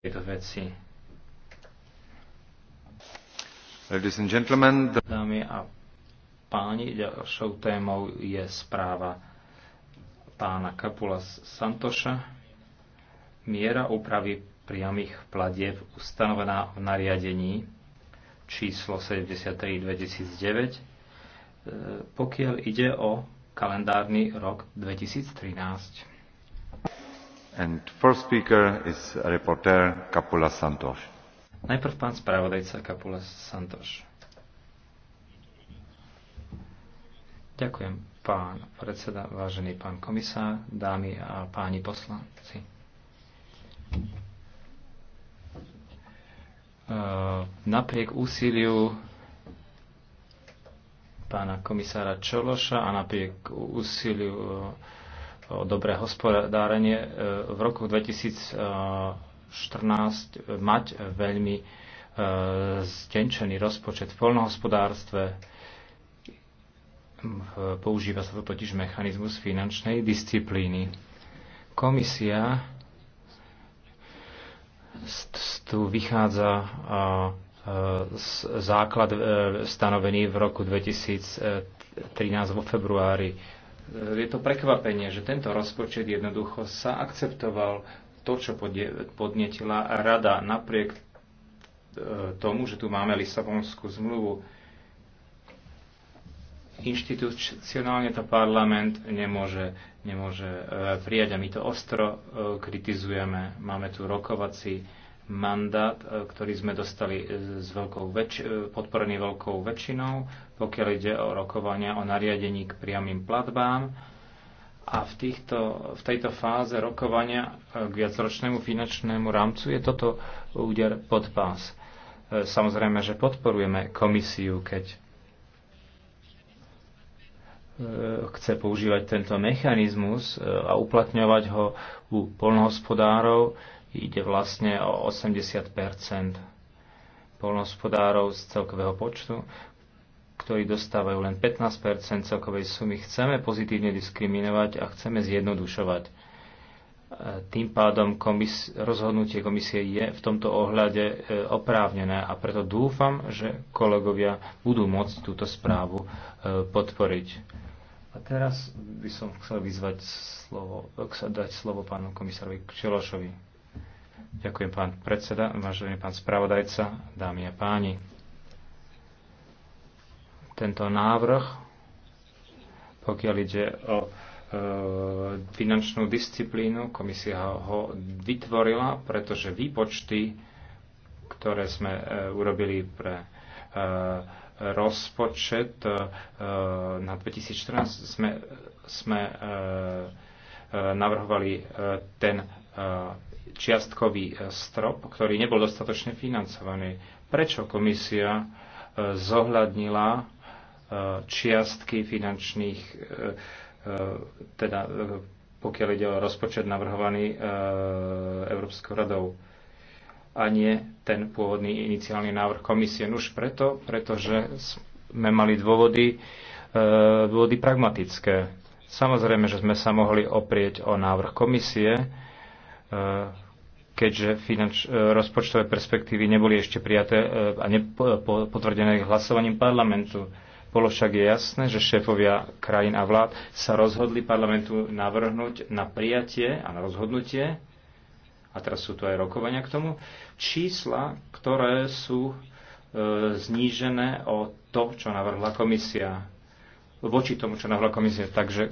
tejto veci. Ladies and gentlemen, the... Dámy a páni, ďalšou témou je správa pána Kapula Santoša. Miera úpravy priamých platieb ustanovená v nariadení číslo 73 2009, e, pokiaľ ide o kalendárny rok 2013. Najprv pán spravodajca Kapula Santoš. Ďakujem, pán predseda, vážený pán komisár, dámy a páni poslanci. E, napriek úsiliu pána komisára Čološa a napriek úsiliu dobré hospodárenie e, v roku 2014 e, mať veľmi e, zdenčený rozpočet v polnohospodárstve. Používa sa to totiž mechanizmus finančnej disciplíny. Komisia tu vychádza základ stanovený v roku 2013 vo februári je to prekvapenie, že tento rozpočet jednoducho sa akceptoval to, čo podnetila rada napriek e, tomu, že tu máme Lisabonskú zmluvu. Inštitucionálne to parlament nemôže, nemôže e, prijať a my to ostro e, kritizujeme. Máme tu rokovací mandát, e, ktorý sme dostali e, s veľkou väč- e, podporený veľkou väčšinou, pokiaľ ide o rokovania o nariadení k priamým platbám. A v, týchto, v tejto fáze rokovania k viacročnému finančnému rámcu je toto úder pod pás. Samozrejme, že podporujeme komisiu, keď chce používať tento mechanizmus a uplatňovať ho u polnohospodárov, Ide vlastne o 80 polnohospodárov z celkového počtu, ktorí dostávajú len 15 celkovej sumy. Chceme pozitívne diskriminovať a chceme zjednodušovať. Tým pádom komis- rozhodnutie komisie je v tomto ohľade e, oprávnené a preto dúfam, že kolegovia budú môcť túto správu e, podporiť. A teraz by som chcel vyzvať slovo, e, dať slovo pánu komisárovi Čelošovi. Ďakujem, pán predseda, vážený pán spravodajca, dámy a páni. Tento návrh, pokiaľ ide o e, finančnú disciplínu. Komisia ho vytvorila, pretože výpočty, ktoré sme e, urobili pre e, rozpočet na 2014, sme, sme navrhovali ten čiastkový e, strop, ktorý nebol dostatočne financovaný. Prečo komisia e, zohľadnila e, čiastky finančných, teda pokiaľ ide o rozpočet navrhovaný Európskou radou a nie ten pôvodný iniciálny návrh komisie. Už preto, pretože sme mali dôvody, dôvody pragmatické. Samozrejme, že sme sa mohli oprieť o návrh komisie, E, keďže finanč, e, rozpočtové perspektívy neboli ešte prijaté e, a potvrdené hlasovaním parlamentu. Bolo však je jasné, že šéfovia krajín a vlád sa rozhodli parlamentu navrhnúť na prijatie a na rozhodnutie, a teraz sú tu aj rokovania k tomu, čísla, ktoré sú e, znížené o to, čo navrhla komisia voči tomu, čo navrhla komisia. Takže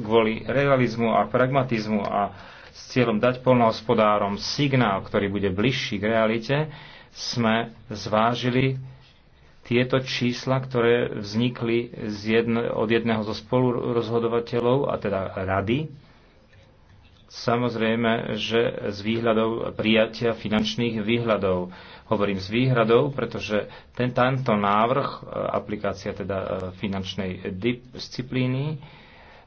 kvôli realizmu a pragmatizmu a s cieľom dať polnohospodárom signál, ktorý bude bližší k realite, sme zvážili tieto čísla, ktoré vznikli z jedne, od jedného zo spolurozhodovateľov, a teda rady. Samozrejme, že z výhľadov prijatia finančných výhľadov. Hovorím z výhľadov, pretože ten, tento návrh, aplikácia teda e, finančnej disciplíny,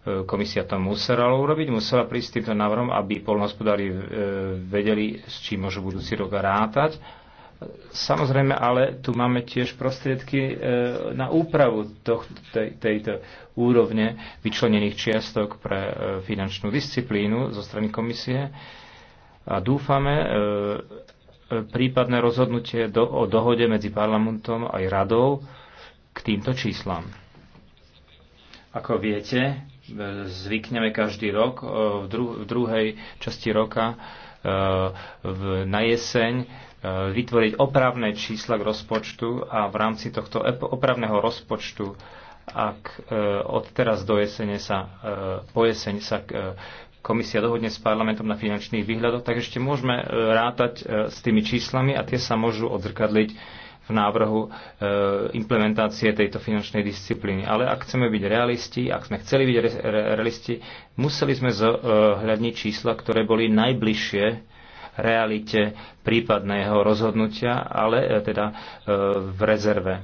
Komisia to musela urobiť, musela prísť s týmto návrhom, aby polnohospodári e, vedeli, s čím môžu budúci rok rátať. Samozrejme, ale tu máme tiež prostriedky e, na úpravu tohto, tej, tejto úrovne vyčlenených čiastok pre e, finančnú disciplínu zo strany komisie. A dúfame, prípadné rozhodnutie do, o dohode medzi parlamentom aj radou k týmto číslam. Ako viete, zvykneme každý rok. E, v, dru- v druhej časti roka e, v, na jeseň e, vytvoriť opravné čísla k rozpočtu a v rámci tohto opravného rozpočtu, ak od teraz do jesene sa, po jeseň sa komisia dohodne s parlamentom na finančných výhľadoch, tak ešte môžeme rátať s tými číslami a tie sa môžu odzrkadliť v návrhu e, implementácie tejto finančnej disciplíny. Ale ak chceme byť realisti, ak sme chceli byť realisti, museli sme zohľadniť čísla, ktoré boli najbližšie realite prípadného rozhodnutia, ale e, teda e, v rezerve.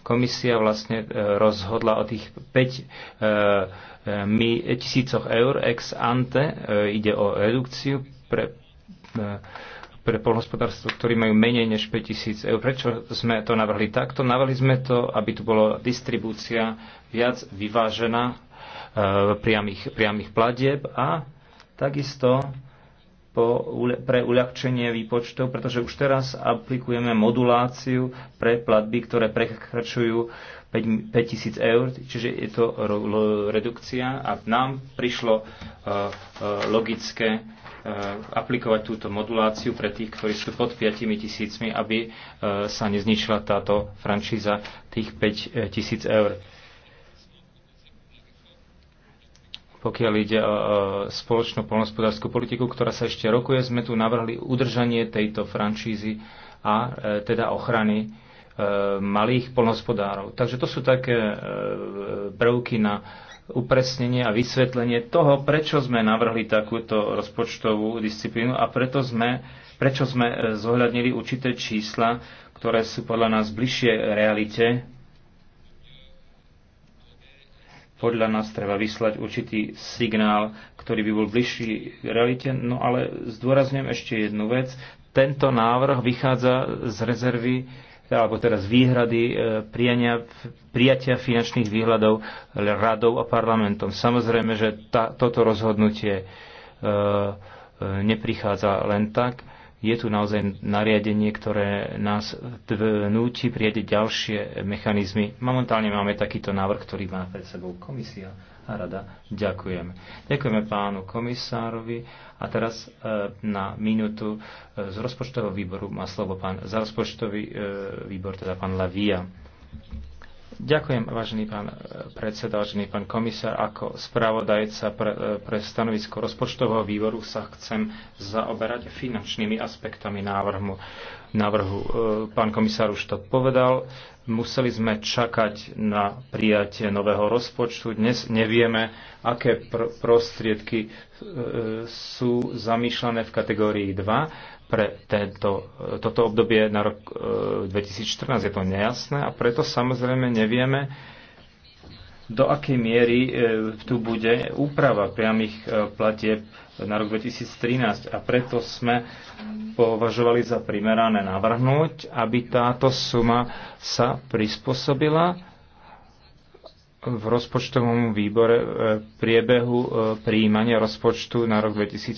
Komisia vlastne rozhodla o tých 5 tisícoch eur ex ante, ide o redukciu pre pre polnospodárstvo, ktorí majú menej než 5000 eur. Prečo sme to navrhli takto? Navrhli sme to, aby tu bola distribúcia viac vyvážená e, priamých, priamých platieb a takisto po, pre uľahčenie výpočtov, pretože už teraz aplikujeme moduláciu pre platby, ktoré prekračujú 5000 eur, čiže je to redukcia a nám prišlo e, e, logické Eh, aplikovať túto moduláciu pre tých, ktorí sú pod 5 tisícmi, aby eh, sa nezničila táto franšíza tých 5 eh, tisíc eur. Pokiaľ ide o spoločnú polnospodárskú politiku, ktorá sa ešte rokuje, sme tu navrhli udržanie tejto franšízy a teda ochrany malých polnospodárov. Takže to sú také prvky na upresnenie a vysvetlenie toho, prečo sme navrhli takúto rozpočtovú disciplínu a preto sme, prečo sme e, zohľadnili určité čísla, ktoré sú podľa nás bližšie realite. Podľa nás treba vyslať určitý signál, ktorý by bol bližší realite. No ale zdôrazňujem ešte jednu vec. Tento návrh vychádza z rezervy alebo teraz výhrady e, prijania, prijatia finančných výhľadov radov a parlamentom. Samozrejme, že tá, toto rozhodnutie e, e, neprichádza len tak je tu naozaj nariadenie, ktoré nás núti priedeť ďalšie mechanizmy. Momentálne máme takýto návrh, ktorý má pred sebou komisia a rada. Ďakujem. Ďakujeme pánu komisárovi. A teraz e, na minútu e, z rozpočtového výboru má slovo pán, za rozpočtový e, výbor, teda pán Lavia. Ďakujem, vážený pán eh, predseda, vážený pán komisár. Ako spravodajca pre, eh, pre stanovisko rozpočtového výboru sa chcem zaoberať finančnými aspektami návrhu. návrhu. Eh, pán komisár už to povedal. Museli sme čakať na prijatie nového rozpočtu. Dnes nevieme, aké pr- prostriedky e, sú zamýšľané v kategórii 2 pre tento, toto obdobie na rok 2014. E, Je to nejasné a preto samozrejme nevieme, do akej miery e, tu bude úprava priamých e, platieb na rok 2013 a preto sme považovali za primerané navrhnúť, aby táto suma sa prispôsobila v rozpočtovom výbore e, priebehu e, príjmania rozpočtu na rok 2014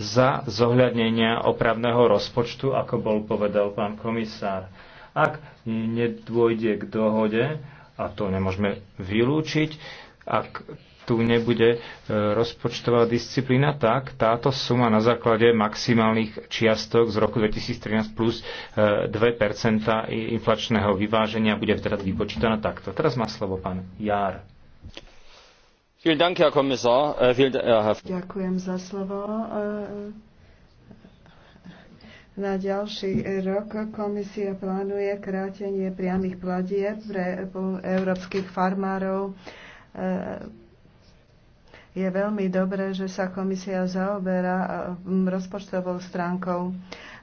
za zohľadnenia opravného rozpočtu, ako bol povedal pán komisár. Ak nedôjde k dohode, a to nemôžeme vylúčiť, ak tu nebude e, rozpočtová disciplína, tak táto suma na základe maximálnych čiastok z roku 2013 plus 2 e, inflačného vyváženia bude teda vypočítaná takto. Teraz má slovo pán Jár. Äh, äh, Ďakujem za slovo. Äh, na ďalší rok komisia plánuje krátenie priamých platieb pre európskych farmárov je veľmi dobré, že sa komisia zaoberá um, rozpočtovou stránkou.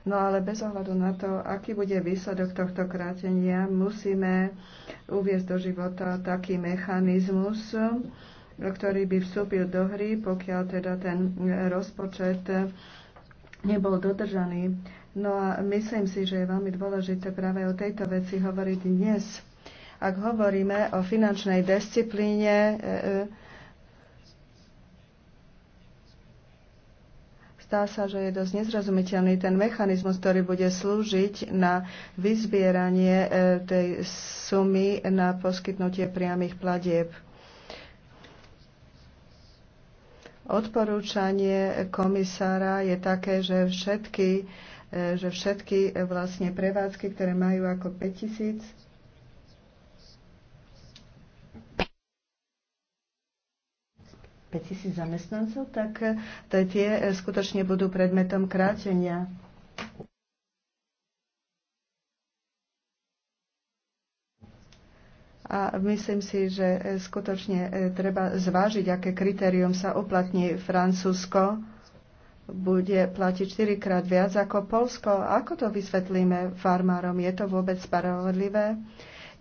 No ale bez ohľadu na to, aký bude výsledok tohto krátenia, musíme uviezť do života taký mechanizmus, ktorý by vstúpil do hry, pokiaľ teda ten rozpočet nebol dodržaný. No a myslím si, že je veľmi dôležité práve o tejto veci hovoriť dnes. Ak hovoríme o finančnej disciplíne, e, e, Zdá sa, že je dosť nezrozumiteľný ten mechanizmus, ktorý bude slúžiť na vyzbieranie e, tej sumy na poskytnutie priamých platieb. Odporúčanie komisára je také, že všetky, e, že všetky e, vlastne prevádzky, ktoré majú ako 5000 5000 zamestnancov, tak eh, tie eh, skutočne budú predmetom krátenia. A myslím si, že eh, skutočne treba zvážiť, aké kritérium sa uplatní Francúzsko bude platiť 4 krát viac ako Polsko. Ako to vysvetlíme farmárom? Je to vôbec spravodlivé?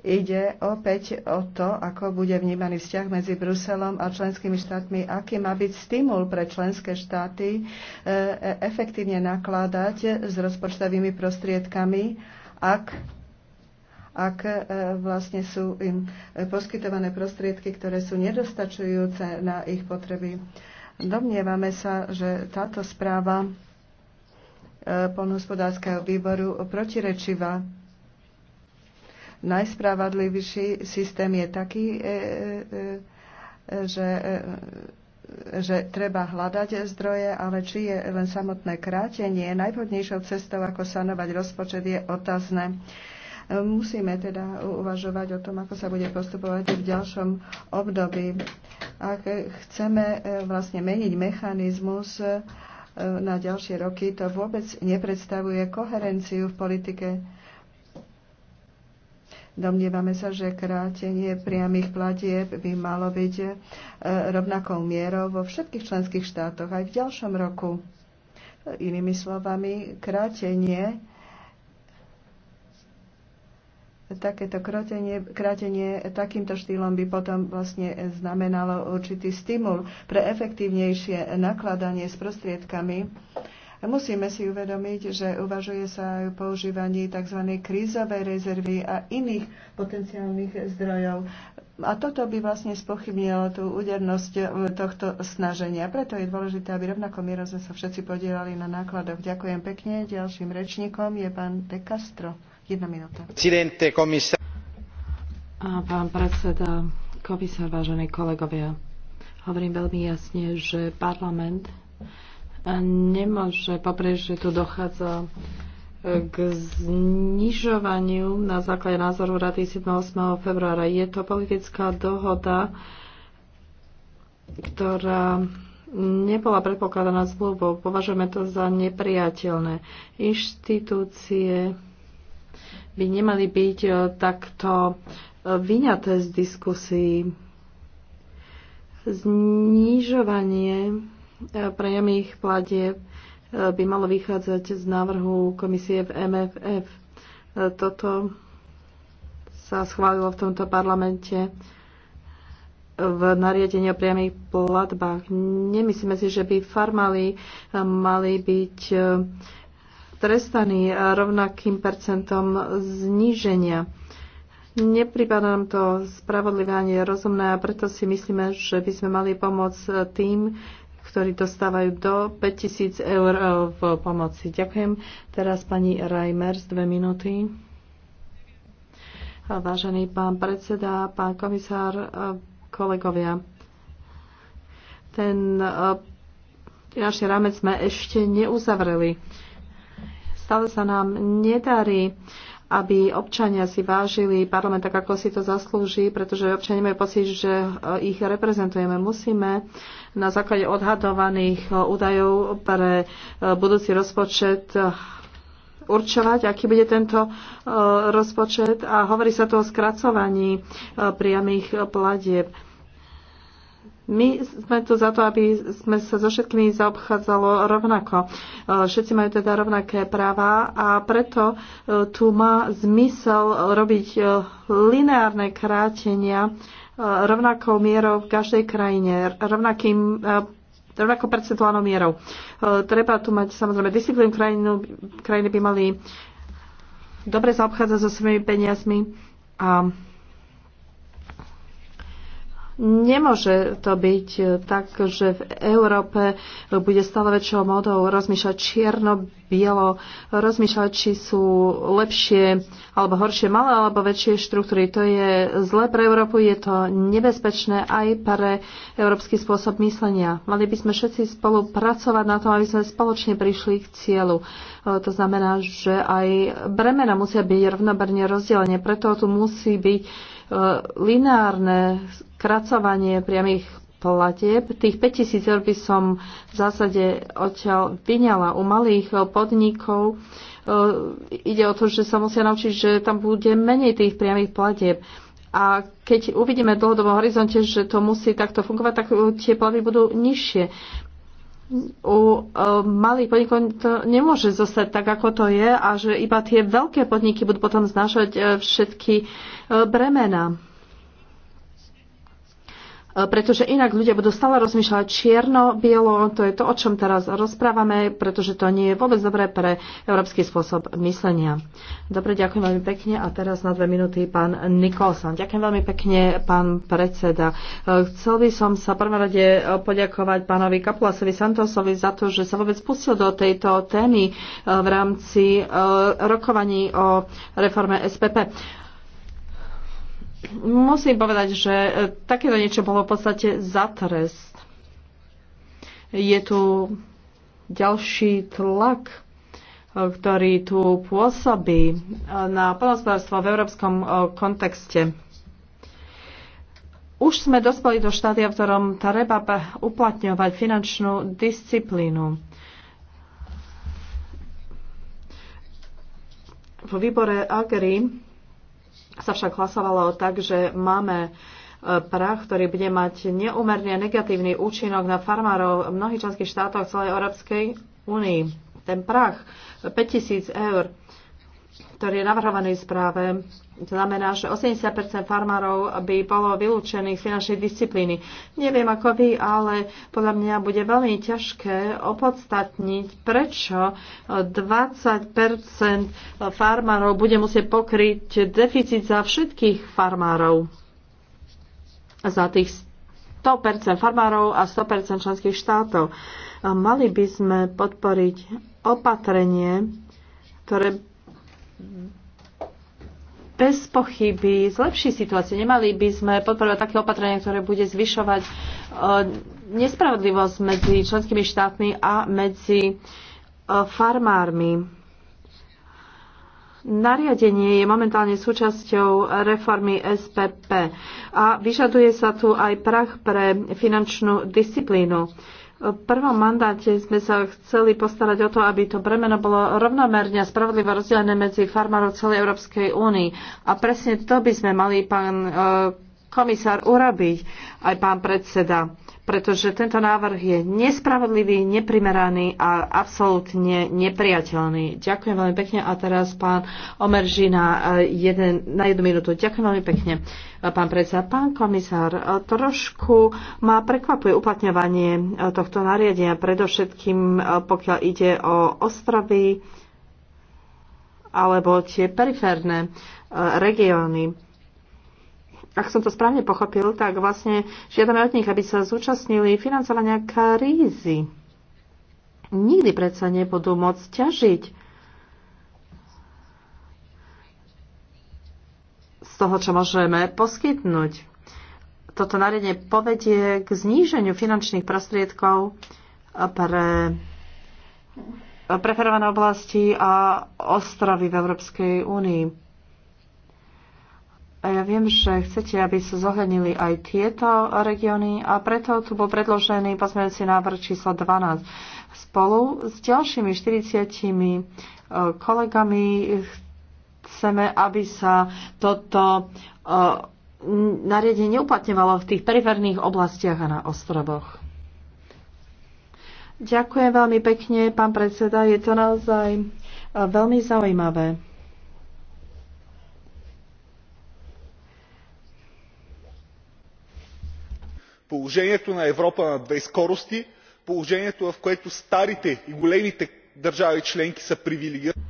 Ide opäť o to, ako bude vnímaný vzťah medzi Bruselom a členskými štátmi, aký má byť stimul pre členské štáty e, efektívne nakladať s rozpočtovými prostriedkami, ak, ak e, vlastne sú im e, poskytované prostriedky, ktoré sú nedostačujúce na ich potreby. Domnievame sa, že táto správa polnohospodárskeho výboru protirečivá najspravadlivší systém je taký, e, e, e, že že treba hľadať zdroje, ale či je len samotné krátenie najvhodnejšou cestou, ako sanovať rozpočet, je otázne. Musíme teda uvažovať o tom, ako sa bude postupovať v ďalšom období. Ak chceme vlastne meniť mechanizmus na ďalšie roky, to vôbec nepredstavuje koherenciu v politike Domnievame sa, že krátenie priamých platieb by malo byť e, rovnakou mierou vo všetkých členských štátoch aj v ďalšom roku. Inými slovami, krátenie takéto krotenie, krátenie takýmto štýlom by potom vlastne znamenalo určitý stimul pre efektívnejšie nakladanie s prostriedkami Musíme si uvedomiť, že uvažuje sa aj o používaní tzv. krízovej rezervy a iných potenciálnych zdrojov. A toto by vlastne spochybnilo tú údernosť tohto snaženia. Preto je dôležité, aby rovnako mierou sme sa všetci podielali na nákladoch. Ďakujem pekne. Ďalším rečníkom je pán De Castro. Jedna minúta. Pán predseda, komisár, vážení kolegovia, hovorím veľmi jasne, že parlament nemôže poprieť, že tu dochádza e, k znižovaniu na základe názoru Rady 7. 8. februára. Je to politická dohoda, ktorá nebola predpokladaná zmluvou. Považujeme to za nepriateľné. Inštitúcie by nemali byť e, takto e, vyňaté z diskusí. Znižovanie ich e, platieb e, by malo vychádzať z návrhu komisie v MFF. E, toto sa schválilo v tomto parlamente v nariadení o priamých platbách. Nemyslíme si, že by farmali mali byť trestaní rovnakým percentom zníženia. Nepripadá nám to spravodlivé ani rozumné a preto si myslíme, že by sme mali pomôcť tým, ktorí dostávajú do 5000 eur e, v pomoci. Ďakujem. Teraz pani Reimers, dve minúty. Vážený pán predseda, pán komisár, e, kolegovia. Ten e, finančný rámec sme ešte neuzavreli. Stále sa nám nedarí aby občania si vážili parlament tak, ako si to zaslúži, pretože občania majú pocit, že eh, ich reprezentujeme. Musíme na základe odhadovaných eh, údajov pre eh, budúci rozpočet určovať, aký bude tento rozpočet a hovorí sa tu o skracovaní priamých platieb. My sme tu za to, aby sme sa so všetkými zaobchádzalo rovnako. E, Všetci majú teda rovnaké práva a preto e, tu má zmysel robiť e, lineárne krátenia rovnakou mierou v každej krajine, rovnakým rovnako percentuálnou mierou. Treba tu mať samozrejme disciplínu, krajinu, krajiny by mali dobre zaobchádzať so svojimi peniazmi a Nemôže to byť eh, tak, že v Európe bude stále väčšou modou rozmýšľať čierno-bielo, rozmýšľať, či sú lepšie alebo horšie malé alebo väčšie štruktúry. To je zlé pre Európu, je to nebezpečné aj pre európsky spôsob myslenia. Mali by sme všetci spolupracovať na tom, aby sme spoločne prišli k cieľu. Eh, to znamená, že aj bremena musia byť rovnoberne rozdelené. Preto tu musí byť lineárne skracovanie priamých platieb. Tých 5000 eur by som v zásade odtiaľ vyňala u malých podnikov. E, ide o to, že sa musia naučiť, že tam bude menej tých priamých platieb. A keď uvidíme v dlhodobom horizonte, že to musí takto fungovať, tak tie platby budú nižšie u e, malých podnikov to nemôže zostať tak, ako to je a že iba tie veľké podniky budú potom znášať e, všetky e, bremena. E, pretože inak ľudia budú stále rozmýšľať čierno-bielo, to je to, o čom teraz rozprávame, pretože to nie je vôbec dobré pre európsky spôsob myslenia. Dobre, ďakujem veľmi pekne a teraz na dve minúty pán Nikolson. Ďakujem veľmi pekne, pán predseda. E, chcel by som sa prvom rade e, poďakovať pánovi Kapulasovi Santosovi za to, že sa vôbec pustil do tejto témy v rámci rokovaní o reforme SPP musím povedať, že e, takéto niečo bolo v podstate za trest. Je tu ďalší tlak, e, ktorý tu pôsobí e, na plnospodárstvo v európskom kontexte. Už sme dospeli do štádia, v ktorom treba uplatňovať finančnú disciplínu. V výbore Agri sa však hlasovalo tak, že máme e, prach, ktorý bude mať neumerne negatívny účinok na farmárov v mnohých členských štátoch celej Európskej únii. Ten prach 5000 eur ktorý je navrhovaný v správe, to znamená, že 80 farmárov by bolo vylúčených z finančnej disciplíny. Neviem ako vy, ale podľa mňa bude veľmi ťažké opodstatniť, prečo 20 farmárov bude musieť pokryť deficit za všetkých farmárov. Za tých 100 farmárov a 100 členských štátov. Mali by sme podporiť opatrenie, ktoré bez pochyby zlepší situáciu. Nemali by sme podporovať také opatrenia, ktoré bude zvyšovať eh, nespravodlivosť medzi členskými štátmi a medzi eh, farmármi. Nariadenie je momentálne súčasťou reformy SPP a vyžaduje sa tu aj prach pre finančnú disciplínu. V prvom mandáte sme sa chceli postarať o to, aby to bremeno bolo rovnomerne a spravodlivo rozdelené medzi farmárov celej Európskej únii. A presne to by sme mali, pán eh, komisár urobiť, aj pán predseda, pretože tento návrh je nespravodlivý, neprimeraný a absolútne nepriateľný. Ďakujem veľmi pekne a teraz pán Omerži na, eh, jeden, na jednu minútu. Ďakujem veľmi pekne, eh, pán predseda. Pán komisár, eh, trošku ma prekvapuje uplatňovanie tohto nariadenia, predovšetkým pokiaľ ide o ostrovy alebo tie periférne regióny ak som to správne pochopil, tak vlastne žiadame od nich, aby sa zúčastnili financovania krízy. Nikdy predsa nebudú môcť ťažiť z toho, čo môžeme poskytnúť. Toto nariadenie povedie k zníženiu finančných prostriedkov pre preferované oblasti a ostrovy v Európskej únii a ja viem, že chcete, aby sa zohľadnili aj tieto regióny a preto tu bol predložený pozmeňujúci návrh číslo 12. Spolu s ďalšími 40 e, kolegami chceme, aby sa toto e, nariadenie neuplatňovalo v tých periférnych oblastiach a na ostrovoch. Ďakujem veľmi pekne, pán predseda. Je to naozaj e, veľmi zaujímavé. положението на европа на две скорости положението в което старите и големите държави членки са привилегировани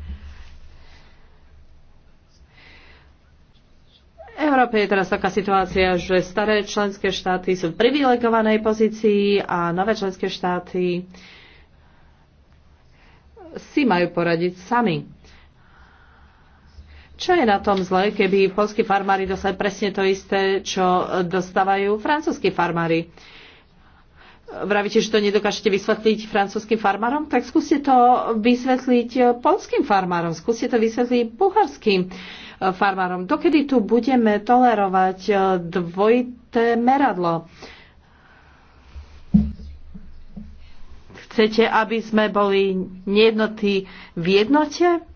Európe je teraz taká situácia, že staré členské štáty sú v privilegovanej pozícii a nové členské štáty si majú poradiť sami. Čo je na tom zle, keby polskí farmári dostali presne to isté, čo dostávajú francúzskí farmári? Vravíte, že to nedokážete vysvetliť francúzským farmárom? Tak skúste to vysvetliť polským farmárom, skúste to vysvetliť buharským eh, farmárom. Dokedy tu budeme tolerovať eh, dvojité meradlo? Chcete, aby sme boli nejednotí v jednote?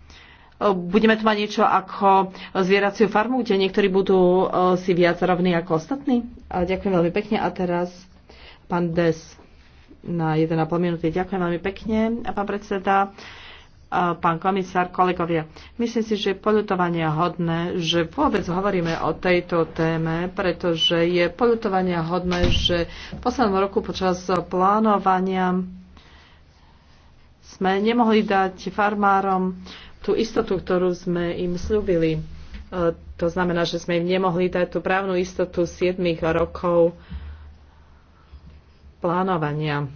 budeme tu mať niečo ako zvieraciu farmu, kde niektorí budú e, si viac rovní ako ostatní. Ďakujem veľmi pekne a teraz pán Des na 1,5 minúty. Ďakujem veľmi pekne, pán predseda, e, pán komisár, kolegovia. Myslím si, že je poľutovania hodné, že vôbec hovoríme o tejto téme, pretože je poľutovania hodné, že v poslednom roku počas plánovania sme nemohli dať farmárom tú istotu, ktorú sme im slúbili. E, to znamená, že sme im nemohli dať tú právnu istotu 7 rokov plánovania.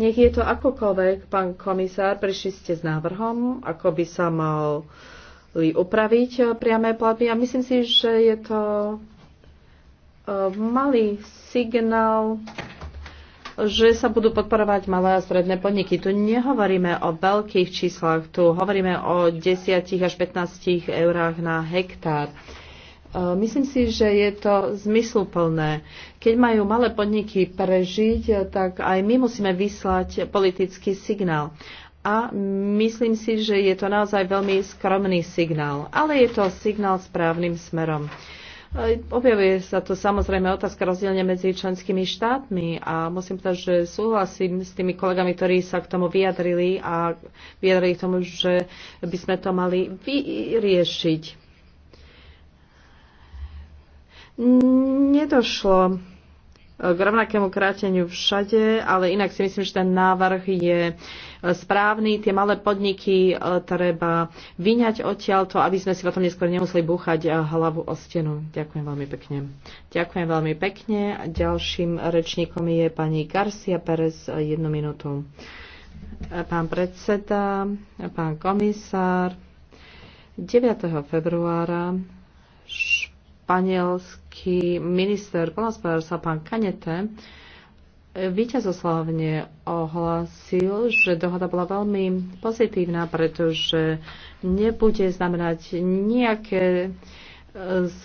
Nech je to akokoľvek, pán komisár, prišli ste s návrhom, ako by sa mali upraviť priame platby a myslím si, že je to e, malý signál že sa budú podporovať malé a stredné podniky. Tu nehovoríme o veľkých číslach, tu hovoríme o 10 až 15 eurách na hektár. E, myslím si, že je to zmysluplné. Keď majú malé podniky prežiť, tak aj my musíme vyslať politický signál. A myslím si, že je to naozaj veľmi skromný signál, ale je to signál správnym smerom. Objavuje sa to samozrejme otázka rozdielne medzi členskými štátmi a musím povedať, že súhlasím s tými kolegami, ktorí sa k tomu vyjadrili a vyjadrili k tomu, že by sme to mali vyriešiť. Nedošlo k rovnakému kráteniu všade, ale inak si myslím, že ten návrh je e, správny. Tie malé podniky e, treba vyňať odtiaľto, aby sme si potom neskôr nemuseli búchať e, hlavu o stenu. Ďakujem veľmi pekne. Ďakujem veľmi pekne. Ďalším rečníkom je pani Garcia Perez. Jednu minútu. Pán predseda, pán komisár, 9. februára španielský minister plnospodárstva pán Kanete víťazoslavne ohlasil, že dohoda bola veľmi pozitívna, pretože nebude znamenať nejaké e,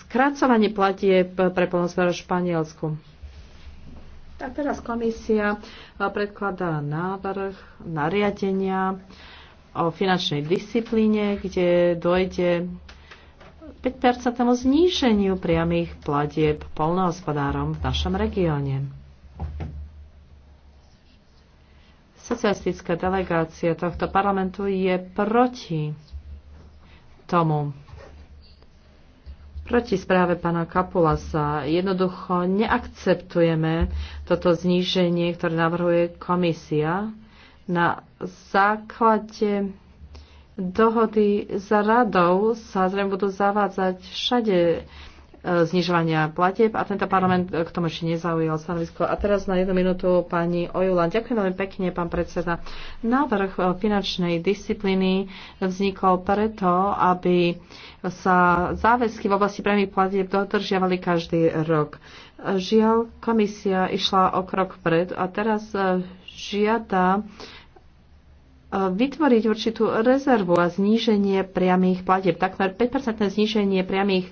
skracovanie platie pre plnospodárov v Španielsku. A teraz komisia e, predkladá návrh nariadenia o finančnej disciplíne, kde dojde 5-percentnému zníženiu priamých platieb polnohospodárom v našom regióne. Socialistická delegácia tohto parlamentu je proti tomu. Proti správe pána Kapulasa jednoducho neakceptujeme toto zníženie, ktoré navrhuje komisia na základe Dohody za radou sa zrejme budú zavádzať všade e, znižovania platieb a tento parlament e, k tomu ešte nezaujal stanovisko. A teraz na jednu minútu pani Ojulan. Ďakujem veľmi pekne, pán predseda. Návrh e, finančnej disciplíny vznikol preto, aby sa záväzky v oblasti priamých platieb dodržiavali každý rok. Žiaľ, komisia išla o krok pred a teraz žiada vytvoriť určitú rezervu a zníženie priamých platieb. Takmer 5% zníženie priamých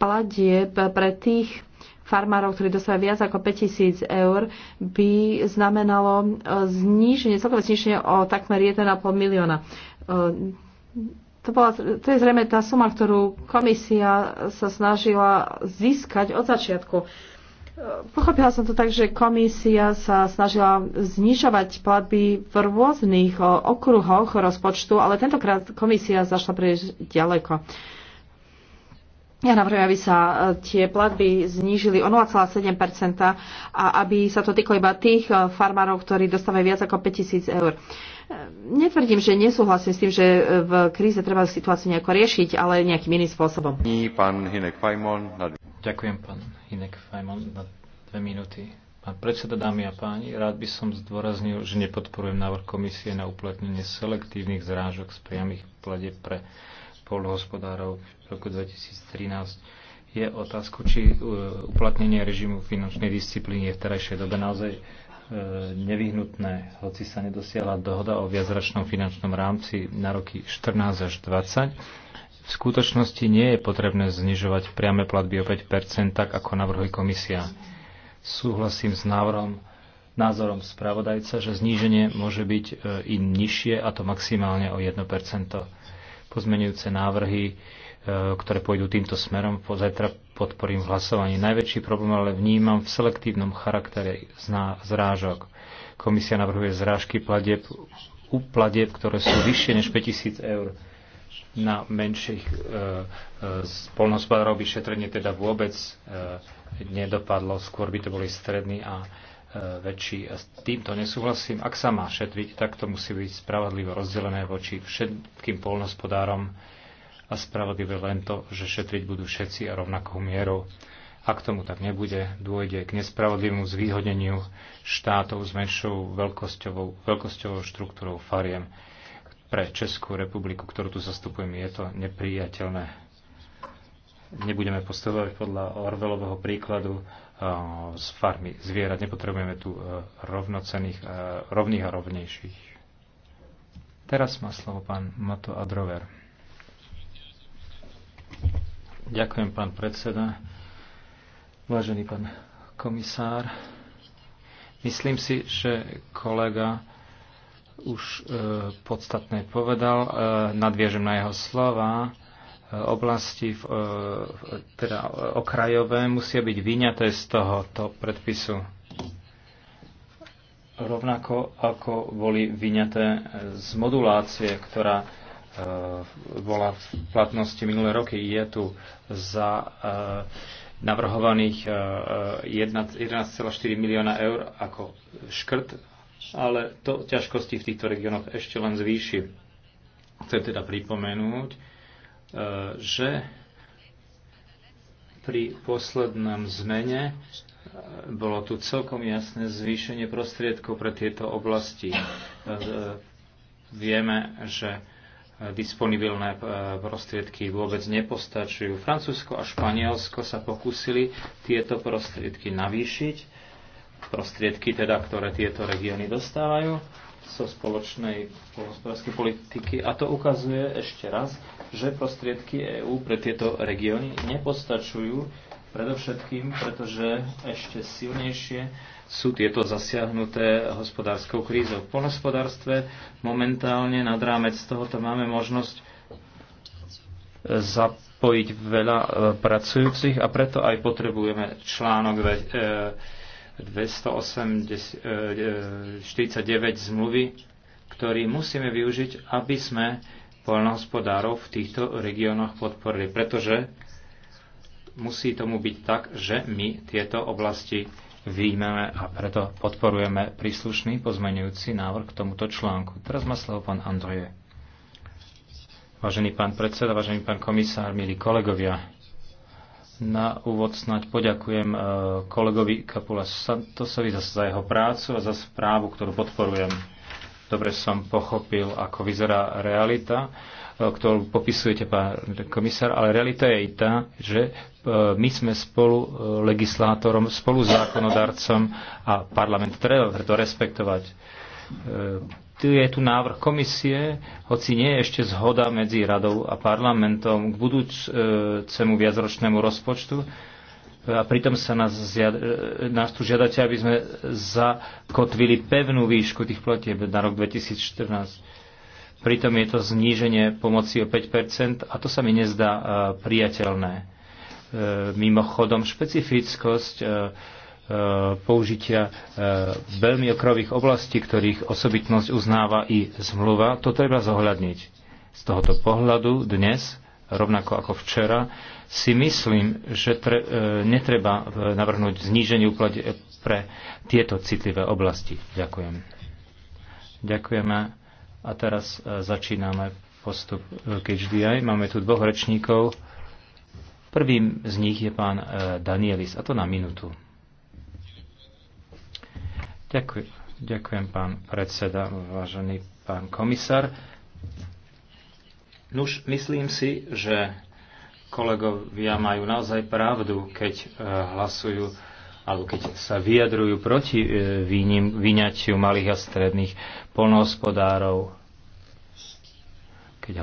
platieb pre tých farmárov, ktorí dostávajú viac ako 5000 eur, by znamenalo e, zníženie, celkové zníženie o takmer 1,5 milióna. E, to, bola, to je zrejme tá suma, ktorú komisia sa snažila získať od začiatku. Pochopila som to tak, že komisia sa snažila znižovať platby v rôznych okruhoch rozpočtu, ale tentokrát komisia zašla príliš ďaleko. Ja navrhujem, aby sa e, tie platby znížili o 0,7% a aby sa to týklo iba tých e, farmárov, ktorí dostávajú viac ako 5000 eur. E, netvrdím, že nesúhlasím s tým, že v kríze treba situáciu nejako riešiť, ale nejakým iným spôsobom. Pán Hinek Fajmon. Na... Ďakujem, pán Hinek Fajmon, na dve minúty. Pán predseda, dámy a páni, rád by som zdôraznil, že nepodporujem návrh komisie na uplatnenie selektívnych zrážok z priamých plade pre polnohospodárov v roku 2013 je otázku, či e, uplatnenie režimu finančnej disciplíny je v terajšej dobe naozaj e, nevyhnutné, hoci sa nedosiahla dohoda o viacračnom finančnom rámci na roky 14 až 20. V skutočnosti nie je potrebné znižovať priame platby o 5 tak ako navrhuje komisia. Súhlasím s návrhom, názorom spravodajca, že zníženie môže byť e, i nižšie, a to maximálne o 1 pozmenujúce návrhy, e, ktoré pôjdu týmto smerom. Zajtra podporím v hlasovaní. Najväčší problém ale vnímam v selektívnom charaktere zrážok. Komisia navrhuje zrážky pladeb u pladeb, ktoré sú vyššie než 5000 eur na menších e, e, polnospodárov by šetrenie teda vôbec e, nedopadlo, skôr by to boli strední a E, väčší. A s týmto nesúhlasím. Ak sa má šetriť, tak to musí byť spravodlivo rozdelené voči všetkým polnospodárom a spravodlivé len to, že šetriť budú všetci a rovnakou mierou. Ak tomu tak nebude, dôjde k nespravodlivému zvýhodneniu štátov s menšou veľkosťovou, veľkosťovou štruktúrou fariem. Pre Českú republiku, ktorú tu zastupujem, je to nepriateľné. Nebudeme postupovať podľa Orvelového príkladu, z farmy zvierat. Nepotrebujeme tu e, rovnocených, e, rovných a rovnejších. Teraz má slovo pán Mato Adrover. Ďakujem, pán predseda. Vážený pán komisár, myslím si, že kolega už e, podstatné povedal. E, nadviežem na jeho slova E, oblasti, e, teda okrajové, musia byť vyňaté z tohoto predpisu. Rovnako ako boli vyňaté z modulácie, ktorá e, bola v platnosti minulé roky, je tu za e, navrhovaných 11,4 milióna eur ako škrt, ale to ťažkosti v týchto regiónoch ešte len zvýši. Chcem teda pripomenúť, E, že pri poslednom zmene e, bolo tu celkom jasné zvýšenie prostriedkov pre tieto oblasti. E, vieme, že disponibilné prostriedky vôbec nepostačujú. Francúzsko a Španielsko sa pokúsili tieto prostriedky navýšiť, prostriedky teda, ktoré tieto regióny dostávajú zo so spoločnej hospodárskej politiky. A to ukazuje ešte raz, že prostriedky EÚ pre tieto regióny nepostačujú, predovšetkým, pretože ešte silnejšie sú tieto zasiahnuté hospodárskou krízou. V polnospodárstve momentálne nad rámec tohoto máme možnosť e, zapojiť veľa e, pracujúcich a preto aj potrebujeme článok 249 e, zmluvy, ktorý musíme využiť, aby sme poľnohospodárov v týchto regiónoch podporili, pretože musí tomu byť tak, že my tieto oblasti výjmeme a preto podporujeme príslušný pozmenujúci návrh k tomuto článku. Teraz má slovo pán Andreje. Vážený pán predseda, vážený pán komisár, milí kolegovia, na úvod snáď poďakujem eh, kolegovi Kapula Santosovi za jeho prácu a za správu, ktorú podporujem dobre som pochopil, ako vyzerá realita, e, ktorú popisujete, pán komisár, ale realita je i tá, že e, my sme spolu e, legislátorom, spolu zákonodarcom a parlament treba preto respektovať. Tu je tu návrh komisie, hoci nie je ešte zhoda medzi radou a parlamentom k budúcemu viacročnému rozpočtu, a pritom sa nás, zjada, e, nás tu žiadate, aby sme zakotvili pevnú výšku tých platieb na rok 2014. Pritom je to zníženie pomoci o 5% a to sa mi nezdá e, priateľné. E, mimochodom, špecifickosť použitia veľmi okrových oblastí, ktorých osobitnosť uznáva i zmluva, to treba zohľadniť. Z tohoto pohľadu dnes rovnako ako včera, si myslím, že tre, e, netreba e, navrhnúť zníženie úplne pre tieto citlivé oblasti. Ďakujem. Ďakujeme. A teraz e, začíname postup k HDI. Máme tu dvoch rečníkov. Prvým z nich je pán Danielis, a to na minútu. Ďakujem, ďakujem pán predseda, vážený pán komisár. Nuž, myslím si, že kolegovia majú naozaj pravdu, keď eh, hlasujú alebo keď sa vyjadrujú proti eh, výnim, vyňatiu malých a stredných polnohospodárov. Keď, e,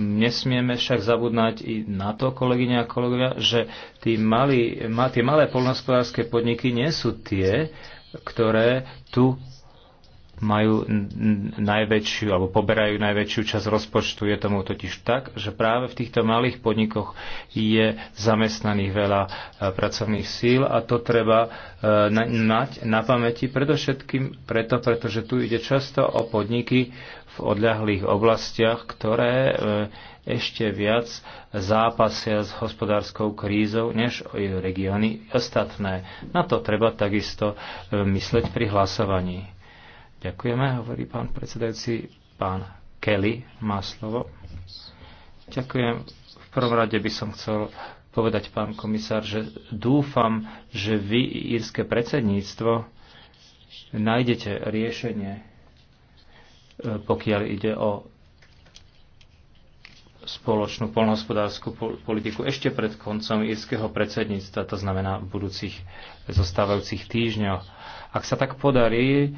nesmieme však zabudnať i na to, kolegyne a kolegovia, že tí mali, ma, tie malé polnohospodárske podniky nie sú tie, ktoré tu majú najväčšiu alebo poberajú najväčšiu časť rozpočtu. Je tomu totiž tak, že práve v týchto malých podnikoch je zamestnaných veľa e, pracovných síl a to treba e, mať na pamäti predovšetkým preto, pretože tu ide často o podniky v odľahlých oblastiach, ktoré e, ešte viac zápasia s hospodárskou krízou než regióny ostatné. Na to treba takisto mysleť pri hlasovaní. Ďakujeme, hovorí pán predsedajúci. Pán Kelly má slovo. Ďakujem. V prvom rade by som chcel povedať, pán komisár, že dúfam, že vy, írske predsedníctvo, nájdete riešenie, pokiaľ ide o spoločnú polnohospodárskú politiku ešte pred koncom írskeho predsedníctva, to znamená v budúcich zostávajúcich týždňoch. Ak sa tak podarí,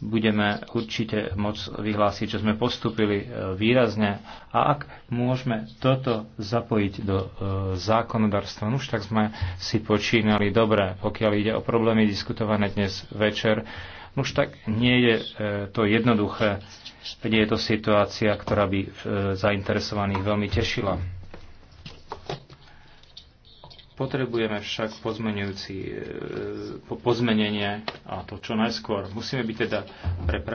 budeme určite môcť vyhlásiť, že sme postupili e, výrazne a ak môžeme toto zapojiť do e, zákonodárstva, no už tak sme si počínali dobre, pokiaľ ide o problémy diskutované dnes večer, no už tak nie je e, to jednoduché, nie je to situácia, ktorá by zainteresovaných veľmi tešila. Potrebujeme však pozmenujúci, e, pozmenenie a to čo najskôr. Musíme byť teda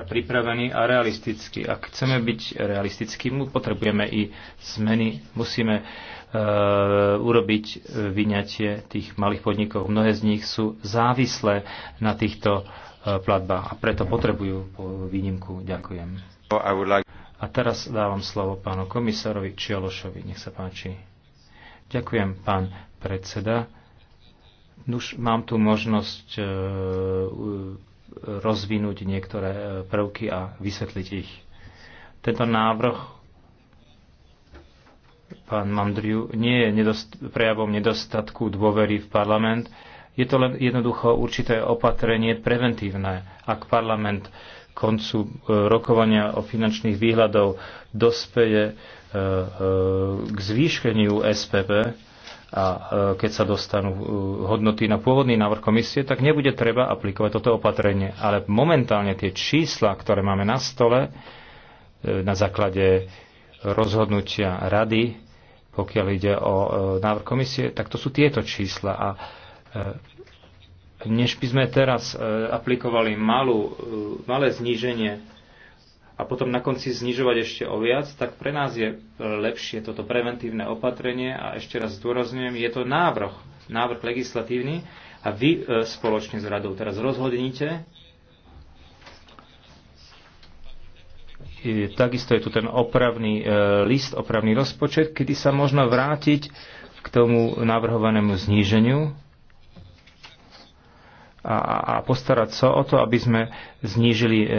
pripravení a realistickí. Ak chceme byť realistickí, potrebujeme i zmeny. Musíme e, urobiť vyňatie tých malých podnikov. Mnohé z nich sú závislé na týchto e, platbách a preto potrebujú výnimku. Ďakujem. A teraz dávam slovo pánu komisárovi Čialošovi. Nech sa páči. Ďakujem, pán predseda. Už mám tu možnosť e, rozvinúť niektoré e, prvky a vysvetliť ich. Tento návrh pán Mandriu nie je nedost- prejavom nedostatku dôvery v parlament. Je to len jednoducho určité opatrenie preventívne. Ak parlament koncu e, rokovania o finančných výhľadov dospeje e, e, k zvýšeniu SPP a keď sa dostanú hodnoty na pôvodný návrh komisie, tak nebude treba aplikovať toto opatrenie. Ale momentálne tie čísla, ktoré máme na stole, na základe rozhodnutia rady, pokiaľ ide o návrh komisie, tak to sú tieto čísla. A než by sme teraz e, aplikovali malú, e, malé zníženie a potom na konci znižovať ešte o viac, tak pre nás je lepšie toto preventívne opatrenie a ešte raz zdôrazňujem, je to návrh, návrh legislatívny a vy e, spoločne s radou teraz rozhodnite. Takisto je tu ten opravný list, opravný rozpočet, kedy sa možno vrátiť k tomu navrhovanému zníženiu a, a postarať sa o to, aby sme znížili e,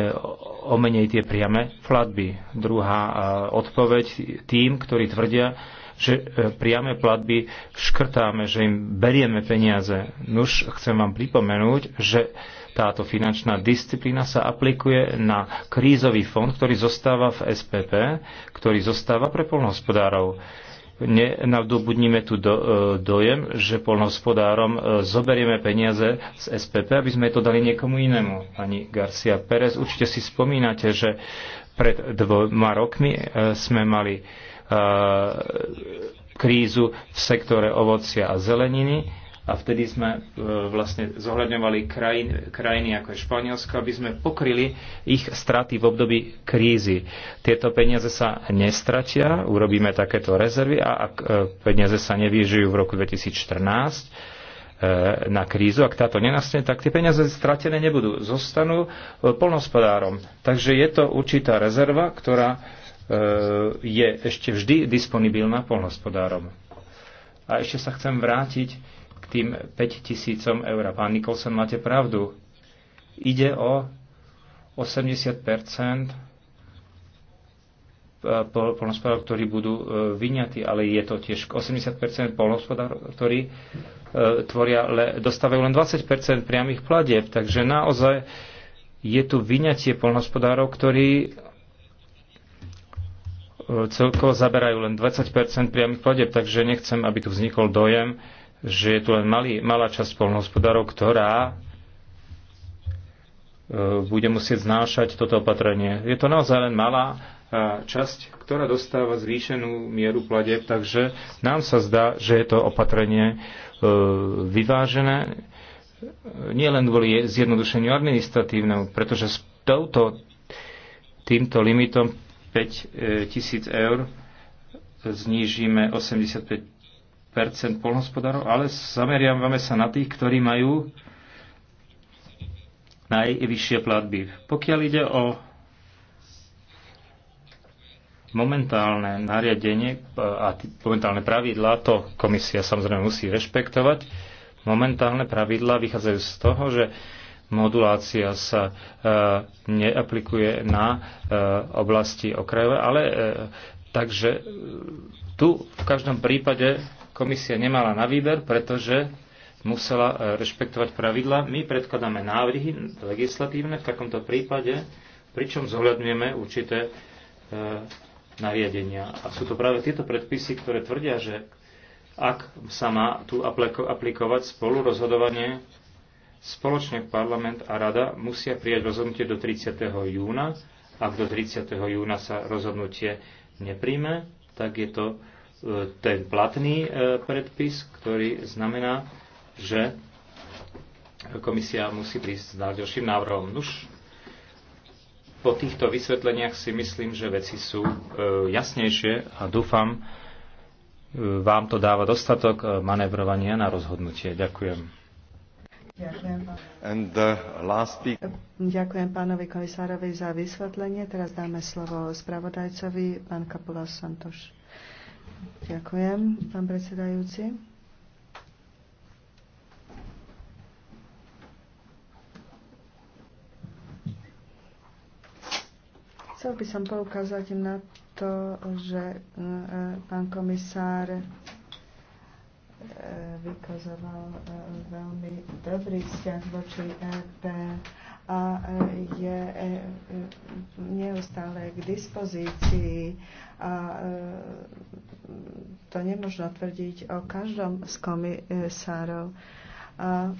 o menej tie priame platby. Druhá e, odpoveď tým, ktorí tvrdia, že e, priame platby škrtáme, že im berieme peniaze. Nuž chcem vám pripomenúť, že táto finančná disciplína sa aplikuje na krízový fond, ktorý zostáva v SPP, ktorý zostáva pre polnohospodárov nenavdobudníme tu do, e, dojem, že polnohospodárom e, zoberieme peniaze z SPP, aby sme to dali niekomu inému. Pani Garcia Pérez, určite si spomínate, že pred dvoma rokmi e, sme mali krízu v sektore ovocia a zeleniny a vtedy sme e, vlastne zohľadňovali krajiny, krajiny ako je Španielsko, aby sme pokryli ich straty v období krízy. Tieto peniaze sa nestratia, urobíme takéto rezervy a ak e, peniaze sa nevyžijú v roku 2014, e, na krízu, ak táto nenastane, tak tie peniaze stratené nebudú, zostanú polnospodárom. Takže je to určitá rezerva, ktorá je ešte vždy disponibilná polnospodárom. A ešte sa chcem vrátiť tým 5 tisícom eur. Pán Nikolson, máte pravdu. Ide o 80 e, polnospodárov, ktorí budú e, vyňatí, ale je to tiež 80 polnospodárov, ktorí e, tvoria, dostávajú len 20 priamých pladeb. Takže naozaj je tu vyňatie polnospodárov, ktorí celkovo zaberajú len 20 priamých pladeb. takže nechcem, aby tu vznikol dojem, že je tu len malý, malá časť polnohospodárov, ktorá e, bude musieť znášať toto opatrenie. Je to naozaj len malá e, časť, ktorá dostáva zvýšenú mieru pladeb, takže nám sa zdá, že je to opatrenie e, vyvážené nielen kvôli zjednodušeniu administratívnemu, pretože s touto, týmto limitom 5 tisíc eur znížime 85 polnospodárov, ale zameriavame sa na tých, ktorí majú najvyššie platby. Pokiaľ ide o momentálne nariadenie a momentálne pravidlá, to komisia samozrejme musí rešpektovať. Momentálne pravidlá vychádzajú z toho, že modulácia sa e, neaplikuje na e, oblasti okrajové, ale e, takže tu v každom prípade Komisia nemala na výber, pretože musela e, rešpektovať pravidla. My predkladáme návrhy legislatívne v takomto prípade, pričom zohľadňujeme určité e, nariadenia. A sú to práve tieto predpisy, ktoré tvrdia, že ak sa má tu aplikovať spolu rozhodovanie, spoločne parlament a rada musia prijať rozhodnutie do 30. júna. Ak do 30. júna sa rozhodnutie nepríjme, tak je to ten platný e, predpis, ktorý znamená, že komisia musí prísť s ďalším návrhom. Nuž, po týchto vysvetleniach si myslím, že veci sú e, jasnejšie a dúfam, e, vám to dáva dostatok manevrovania na rozhodnutie. Ďakujem. Ďakujem, Ďakujem pánovi komisárovi za vysvetlenie. Teraz dáme slovo spravodajcovi, pán Kapula Santoš. Ďakujem, pán predsedajúci. Chcel by som poukázať na to, že e, pán komisár e, vykazoval e, veľmi dobrý vzťah voči EP a e, je e, e, neustále k dispozícii a to nemôžno tvrdiť o každom z komisárov. A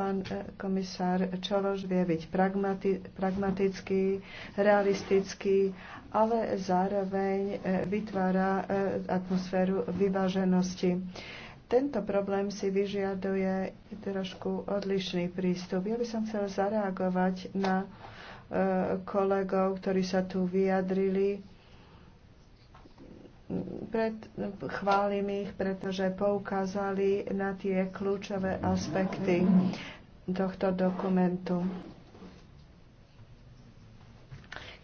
pán komisár Čološ vie byť pragmati- pragmatický, realistický, ale zároveň vytvára atmosféru vyváženosti. Tento problém si vyžiaduje trošku odlišný prístup. Ja by som chcela zareagovať na e, kolegov, ktorí sa tu vyjadrili. Pred, chválim ich, pretože poukázali na tie kľúčové aspekty tohto dokumentu.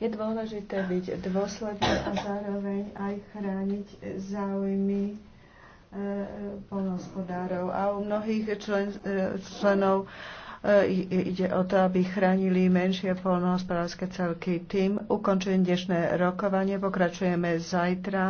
Je dôležité byť dôsledný a zároveň aj chrániť záujmy Eh, polnohospodárov a u mnohých člen, eh, členov eh, ide o to, aby chránili menšie polnohospodárske celky. Tým ukončujem dnešné rokovanie, pokračujeme zajtra.